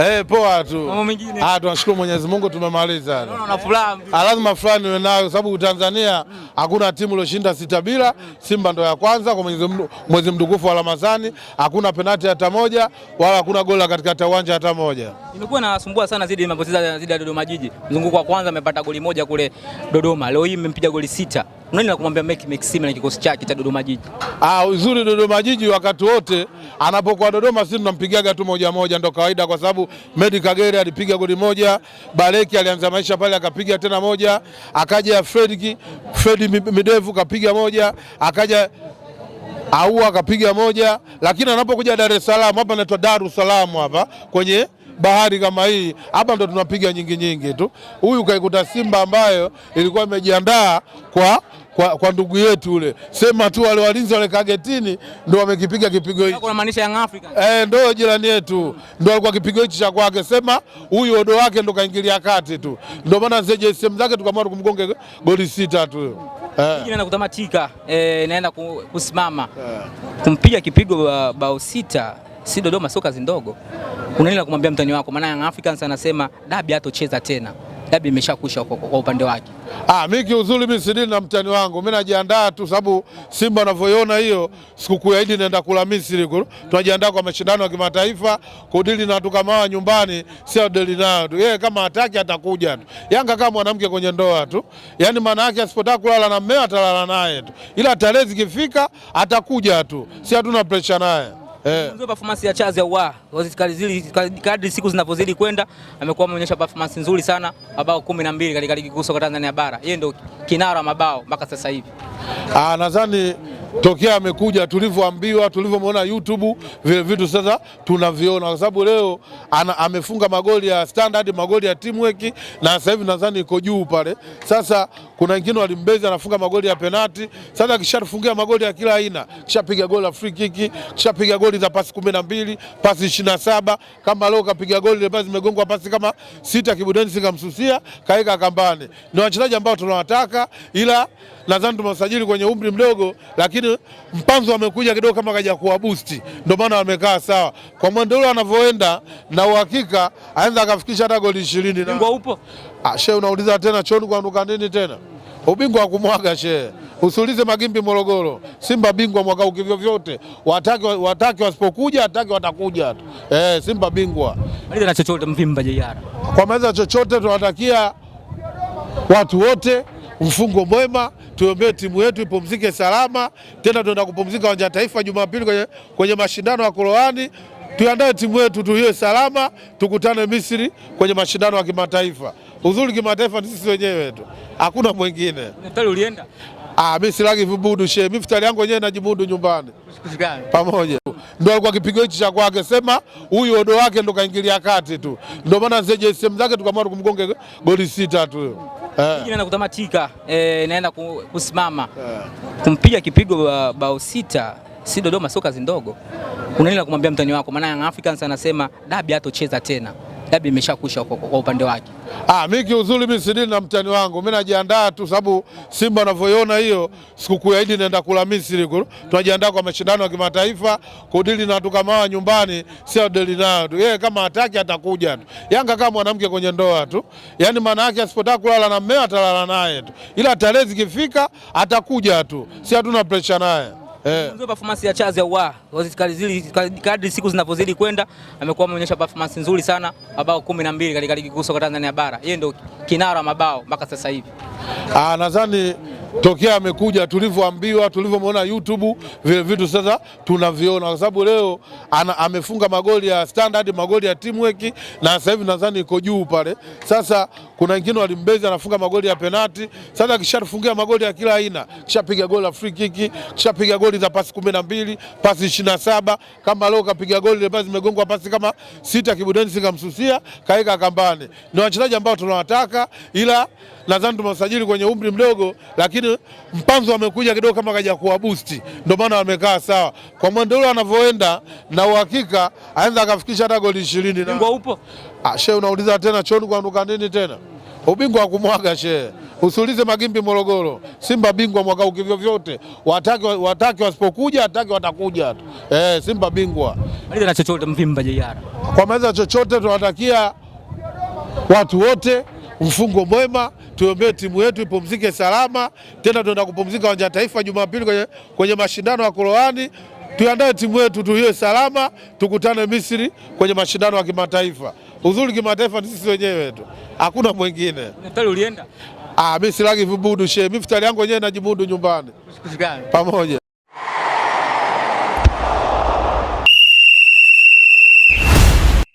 Eh, poa tu. Mambo mengine. Ah, tunashukuru Mwenyezi Mungu tumemaliza. Na furaha. Ah, lazima furaha niwe nayo sababu Tanzania hakuna mm. timu iliyoshinda sita bila. Simba ndo ya kwanza kwa mwezi mtukufu wa Ramadhani, hakuna penati hata moja wala hakuna gola katikati ya uwanja hata moja. Imekuwa inasumbua sana zidi mapoteza zidi ya Dodoma Jiji. Mzunguko wa kwanza amepata goli moja kule Dodoma. Leo hii mmempiga goli sita nani la kumwambia Mecky Maxime na kikosi chake cha Dodoma Jiji? Ah, uzuri Dodoma Jiji wakati wote anapokuwa Dodoma sisi tunampigaga tu moja moja, ndo kawaida, kwa sababu Medi Kagere alipiga goli moja, Baleki alianza maisha pale akapiga tena moja, akaja Fredki Fredi Midevu kapiga moja, akaja Aua akapiga moja, lakini anapokuja Dar es Salaam hapa, anaitwa Dar es Salaam hapa kwenye bahari kama hii hapa ndo tunapiga nyingi nyingi tu. Huyu kaikuta Simba ambayo ilikuwa imejiandaa kwa kwa, kwa ndugu yetu ule, sema tu wale walinzi wale kagetini ndo wamekipiga kipigo hicho, kuna maanisha Young Africans eh, ndo jirani yetu ndo alikuwa kipigo hicho cha kwake, sema huyu odo wake ndo kaingilia kati tu, ndo maana zeje sehemu zake tukamwona tukumgonge goli sita tu eh, naenda kutamatika eh, naenda kusimama eh, kumpiga kipigo bao sita si Dodoma, sio kazi ndogo. Kuna nini la kumwambia mtani wako? Maana Young Africans anasema dabi hatocheza tena dabi imeshakwisha kwa upande wake. Ah, mimi kiuzuri mimi sidili na mtani wangu, mimi najiandaa tu, sababu Simba anavyoiona hiyo sikukuu ya Idi naenda kula Misri, tunajiandaa kwa mashindano ya kimataifa kudili na watu kama nyumbani, sio dili nao tu. Yeye kama hataki atakuja tu. Yanga kama mwanamke kwenye ndoa tu, yaani maana yake asipotaka kulala na mmea atalala naye tu, ila tarehe zikifika atakuja tu, si hatuna pressure naye. Eh. Performance ya Chazi au kadri siku zinavyozidi kwenda amekuwa ameonyesha performance nzuri sana, mabao kumi na mbili katika ligi kuu soka Tanzania bara. Yeye ndio kinara wa mabao mpaka sasa hivi. Ah, nadhani tokea amekuja tulivyoambiwa, tulivyomwona YouTube, vile vitu sasa tunaviona, kwa sababu leo ana, amefunga magoli ya standard, magoli ya teamwork na sasa hivi nadhani iko juu pale. Sasa kuna wengine walimbeza, anafunga magoli ya penalti. Sasa akishafungia magoli ya kila aina, kishapiga goli la free kick, kishapiga goli goli za pasi kumi na mbili pasi ishirini na saba kama leo kapiga goli ile pasi zimegongwa pasi kama sita, kibudeni sikamsusia kaeka kambani. Ni wachezaji ambao tunawataka, ila nadhani tumewasajili kwenye umri mdogo, lakini mpanzo amekuja kidogo kama kaja kuwa boost, ndio maana wamekaa sawa. Kwa mwendo ule anavyoenda na uhakika anaweza akafikisha hata goli ishirini na... upo ah, shee unauliza tena choni kwa nduka nini tena ubingwa wa kumwaga shee Usiulize Magimbi Morogoro, Simba bingwa mwaka huu vyote, wataki wataki, wasipokuja hataki watakuja tu eh, Simba bingwa na chochote Mvimba JR. Kwa maana chochote tunawatakia watu wote mfungo mwema, tuombee timu yetu ipumzike salama. Tena tuenda kupumzika uwanja wa Taifa Jumapili kwenye, kwenye mashindano ya Koroani. Tuandae timu yetu tuiwe salama, tukutane Misri kwenye mashindano ya kimataifa. Uzuri kimataifa ni sisi wenyewe tu, hakuna mwingine. Ulienda Ah, mimi silagi vibudu shehe. Mimi futari yangu wenyewe najibudu nyumbani. Pamoja. Ndio alikuwa kipigo hichi cha kwake sema huyu odo wake ndo kaingilia kati tu. Ndio maana zeje sehemu zake tukamwona tukumgonge goli sita tu. Eh. Naenda kutamatika, eh, naenda kusimama. Eh. Kumpiga kipigo ba, bao sita si Dodoma, sio zindogo. ndogo. Kuna nini la kumwambia mtani wako? Maana Young Africans anasema dabi hatocheza tena dabi imeshakwisha kwa upande wake. Ah, mimi kiuzuri mimi sidini na mtani wangu, mimi najiandaa tu, sababu Simba anavyoiona hiyo sikukuu ya Idi naenda kula Misri, tunajiandaa kwa mashindano ya kimataifa kudili na watu kama hawa nyumbani, sio dili nayo tu. Yeye kama hataki atakuja tu. Yanga kama mwanamke kwenye ndoa tu, yaani maana yake asipotaka kulala na mmea atalala naye tu, ila tarehe zikifika atakuja tu, si hatuna presha naye. Eh. Performance ya Chazi au kadri siku zinavyozidi kwenda amekuwa ameonyesha performance nzuri sana, mabao kumi na mbili katika ligi kuu soka Tanzania bara. Yeye ndio kinara mabao mpaka sasa hivi. Ah, nadhani tokea amekuja, tulivyoambiwa, tulivyomwona YouTube, vile vitu sasa tunaviona, kwa sababu leo ana, amefunga magoli ya standard, magoli ya teamwork, na sasa hivi nadhani iko juu pale. Sasa kuna wengine walimbezi, anafunga magoli ya penati. Sasa kishatufungia magoli ya kila aina, kishapiga goli la free kick, kishapiga goli za pasi kumi na mbili, pasi ishirini na saba. Kama leo kapiga goli ile pasi imegongwa pasi kama sita, Kibu Denis kamsusia, kaeka kambani. Ni wachezaji ambao tunawataka ila nadhani tumewasajili kwenye umri mdogo, lakini mpanzo amekuja kidogo kama kaja kuwa boost, ndio maana wamekaa sawa. Kwa mwendo ule anavyoenda na uhakika aenza akafikisha hata goli ishirini. Ubingwa upo ah, shehe, unauliza tena choni kwa nduka nini tena ubingwa wa kumwaga shehe, usulize magimbi Morogoro. Simba bingwa mwaka ukivyo vyote, wataki wataki, wasipokuja hataki watakuja tu eh, Simba bingwa na chochote Mvimba jiara kwa maana chochote, tunawatakia watu wote mfungo mwema tuombee timu yetu ipumzike salama. Tena tunaenda kupumzika uwanja wa Taifa Jumapili kwenye, kwenye mashindano ya Koroani. Tuandae timu yetu tuiwe salama, tukutane Misri kwenye mashindano ya kimataifa. Uzuri kimataifa ni sisi wenyewe tu, hakuna mwingine. Daktari ulienda? Ah, mimi silagi vibudu shehe, mimi futari yangu wenyewe najibudu nyumbani pamoja